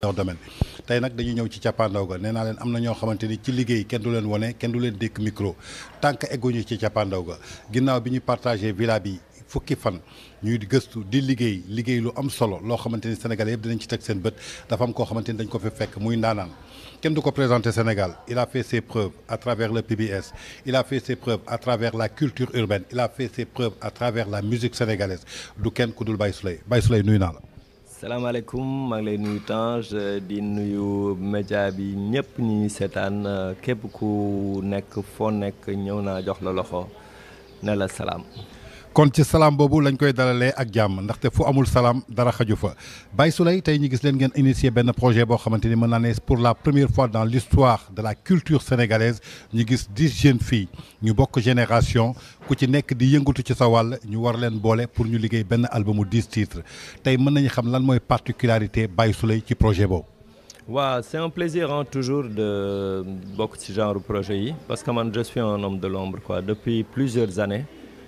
leur domaine Tay nak dañuy ñëw ci ciapandawga ga nee naa leen am na ñoo ci liggéey kenn du leen woné kenn du leen dékk micro tànk egguñu ci ciapandawga ginnaw ginnaaw bi ñu partagé villa bi fukki fan ñuy gëstu di liggéey liggéey lu am solo lo xamanteni ni Sénégalais yëpp dinañ ci tek seen bët dafa am ko xamanteni dañ ko fi fekk muy ndaanaan kenn du ko présenter Sénégal il a fait ses preuves à travers le PBS il a fait ses preuves à travers la culture urbaine il a fait ses preuves à travers la musique sénégalaise du kenn ku dul Baye soulay Baye soulay nuy na la salaamaaleykum maa ngi lay nuyu Tange di nuyu média bi ñëpp ñuy seetaan képp ku nekk foo nekk ñëw naa jox la loxo ne salaam. kon ci salam bobu lañ koy dalalé ak jàmm ndaxte fu amul salam dara xaju fa Baye soulay tay ñu gis leen ngeen initier ben projet bo xamanteni mëna né pour la première fois dans l'histoire de la culture sénégalaise ñu gis dix jeunes filles ñu bokk génération ku ci nekk di yëngutu ci sa wàll ñu war leen bolé pour ñu liggéey ben album dix titres tay mëna nañu xam lan moy particularité Baye soulay ci projet boobu. waaw c'est un plaisir hein, toujours de bokk ci genre projet yi parce que man je suis un homme de l'ombre quoi depuis plusieurs années.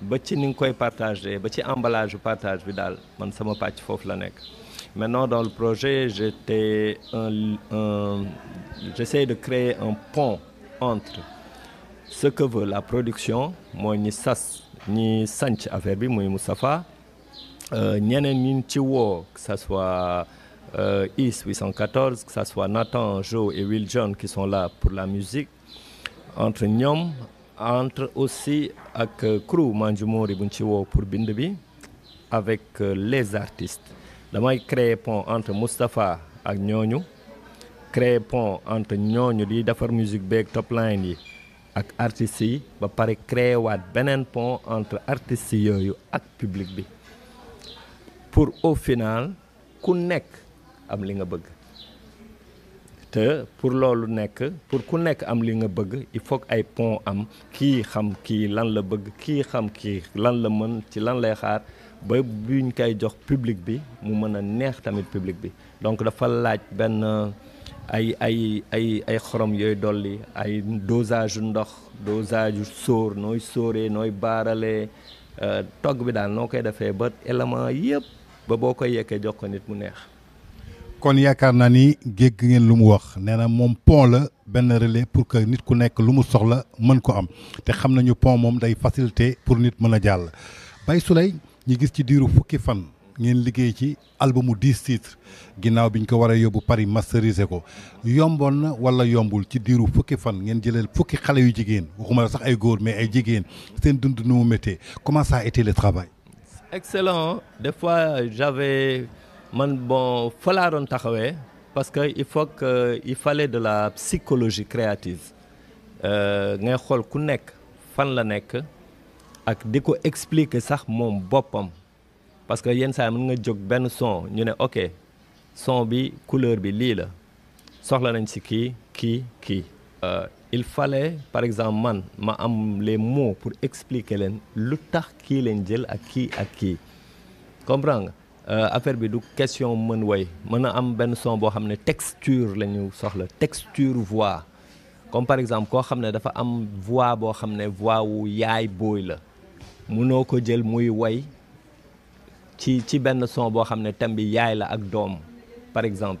ba ci ni nga koy partagé ba ci emballage partage bi daal man sama pàcc la maintenant dans le projet j'étais un, un j'essaie de créer un pont entre ce que veut la production mooy ñi sas ñi sanc affaire bi muy Moustapha euh, ñeneen ñi ci woo que ça soit euh, IS 814 que ça soit Nathan Joe et Will John qui sont là pour la musique entre ñoom entre aussi avec euh, crew Manjumori bu pour bind avec euh, les artistes Je vais créer pont entre Moustapha ak ñooñu créer pont entre ñooñu di la musique de top line yi ak artistes yi ba créer un pont entre artistes et le public pour au final connecter. nekk am li nga te pour loolu nekk pour ku nekk am li nga bëgg il faut que ay pont am kii xam kii lan la bëgg kii xam kii lan la mën ci lan lay xaar ba buñ koy jox public bi mu mën a neex tamit public bi donc dafa laaj benn ay ay ay ay xorom yooyu dolli ay dosage ndox dosage sóor nooy sóoree nooy baaralee euh, togg bi daal noo koy defee ba élément yépp ba boo koy yekkee jox ko nit mu neex kon yaakaar naa ni géeg ngeen lu mu wax neena mom pont la ben relais pour que nit ku nek lu mu soxla mën ko am te xam nañu pont mom day facilité pour nit mën a bay soulay Souley ñu gis ci diiru fukki fan ngeen liggéey ci albumu 10 titres ginnaaw biñ ko wara a Paris masteriser ko yomboon na wala yombul ci diiru fukki fan ngeen jëleel fukki xalé yu jigen waxuma sax ay goor mais ay jigen seen dund nu mu metté comment ça a été le travail. excellent des fois j'avais man bon fa laa doon taxawee parce que il faut que il fallait de la psychologie créative euh, ngay xool ku nekk fan la nekk ak di ko expliquer sax moom boppam parce que yenn saa mën nga jóg benn son ñu ne ok son bi couleur bi lii la soxla nañ ci kii kii kii. Euh, il fallait par exemple man ma am les mots pour expliquer leen lu tax kii leen jël ak kii ak kii comprends nga. Euh, affaire bi du question mën way mën am son texture la texture voix comme par exemple koo ne dafa am voix ne voix wu yaay la une ko muy way ci ci ne la ak par exemple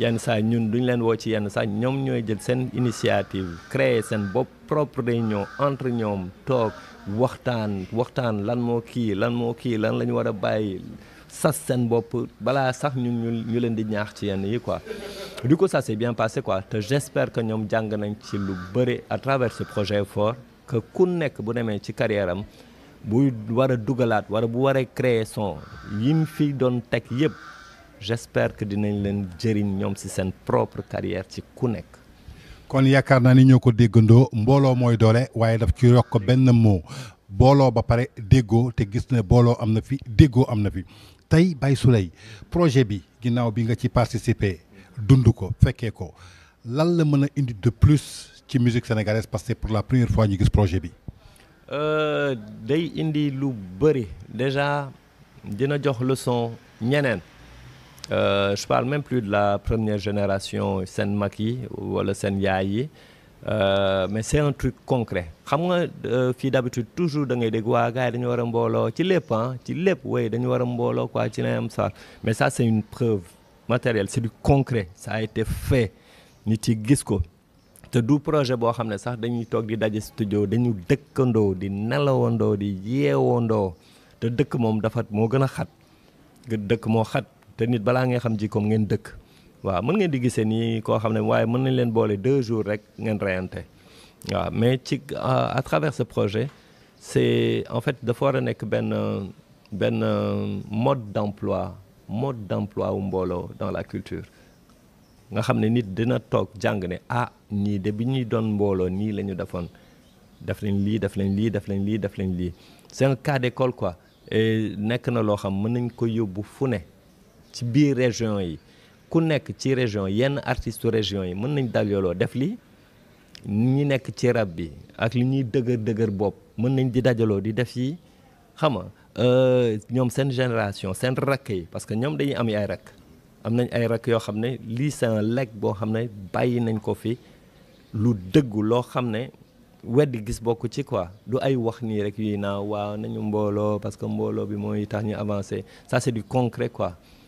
yenn saa ñun duñ leen woo ci yenn saa ñoom ñooy jël seen initiative créer seen bopp propre réunion entre ñoom toog waxtaan waxtaan lan moo kii lan moo kii lan la ñu war a bàyyi sas seen bopp balaa sax ñun ñu ñu leen di ñaax ci yenn yi quoi. du coup ça bien passé quoi te j'espère que ñoom jàng nañ ci lu bëri à travers ce projet fort que ku nekk bu demee ci carrière am bu war a dugalaat wala bu waree créer son yim fi doon teg yëpp j'espère que dinañ leen jëriñ ñoom ci seen propre carrière ci ku nekk. kon yaakaar naa ni ñoo ko déggandoo mbooloo mooy doole waaye daf ci yokk benn moo booloo ba pare déggoo te gis ne booloo am na fi déggoo am na fi tey bay soulay projet bi ginnaaw bi nga ci participer dund ko fekkee ko lan la mën indi de plus ci musique sénégalaise parce que pour la première fois ñu gis projet bi. Euh, day indi lu bëri déjà dina jox leçon ñeneen. Euh, je parle même plus de la première génération Sen Maki ou le Sen Yaayi. Euh, mais c'est un truc concret xam nga euh, fii d'habitude toujours da ngay dégg waa gars yi dañu war a mbooloo ci lépp ah ci lépp way dañu war a mbooloo quoi ci na am sar mais ça c'est une preuve matérielle c'est du concret ça a été fait nit yi gis ko te dou projet bo xam ne sax dañuy tok di daje studio dañu dëkkandoo di nelawandoo di yeewandoo te dëkk moom dafa moo gën a xat dëkk moo xat te nit balaa ngay xam ji comme ngeen dëkk waaw mën ngeen di gisee ni koo xam ne waaye mën nañ leen boole deux jours rek ngeen reyante waaw mais ci euh, à travers ce projet c'est en fait dafa war a nekk benn benn mode d'emploi mode d'emploi wu mbooloo dans la culture nga xam ne nit dina toog jàng ne ah ñii de bi ñuy doon mbooloo nii la ñu defoon def leen lii def leen lii def leen lii def leen lii c'est un cas d'école quoi et nekk na loo xam mën nañ ko yóbbu fu ne ci biir région yi ku nekk ci région yenn artiste région yi mën nañ dajaloo def li ñi nekk ci rab bi ak li ñuy dëgër dëgër bopp mën nañ di dajaloo di def yi xam nga euh, ñoom seen génération seen rakk yi parce que ñoom dañuy am ay rakk am nañ ay rakk yoo xam ne lii c'est un legs boo xam ne bàyyi nañ ko fi lu dëgg loo xam ne weddi gis bokk ci quoi du ay wax nii rek yuy naa waaw nañu mbooloo parce que mbooloo bi mooy tax ñu avancer ça c'est du concret quoi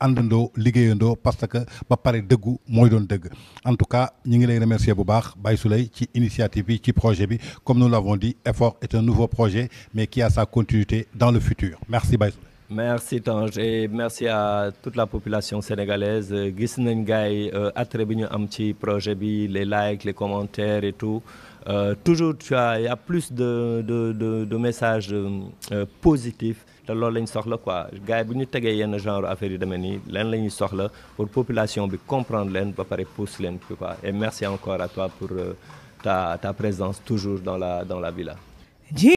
àndandoo liggéeyandoo parce que ba paré deugou moy doon deug en tout cas ñi ngi lay remercier bu baax Baye Souley ci initiative bi ci projet bi comme nous l'avons dit Effort est un nouveau projet mais qui a sa continuité dans le futur merci Baye Souley merci Tange et merci à toute la population sénégalaise gis nañ gars yi euh, attrait bi ñu am ci projet bi les likes les commentaires et tout euh, toujours, tu as, il y a plus de, de, de, de messages euh, euh, positifs. Là, loolu la soxla quoi gars yi bu un genre affaire yi manie. nii leen la soxla pour population bi comprendre leen ba pare pousse leen quoi et merci encore à toi pour ta ta présence toujours dans la dans la villa.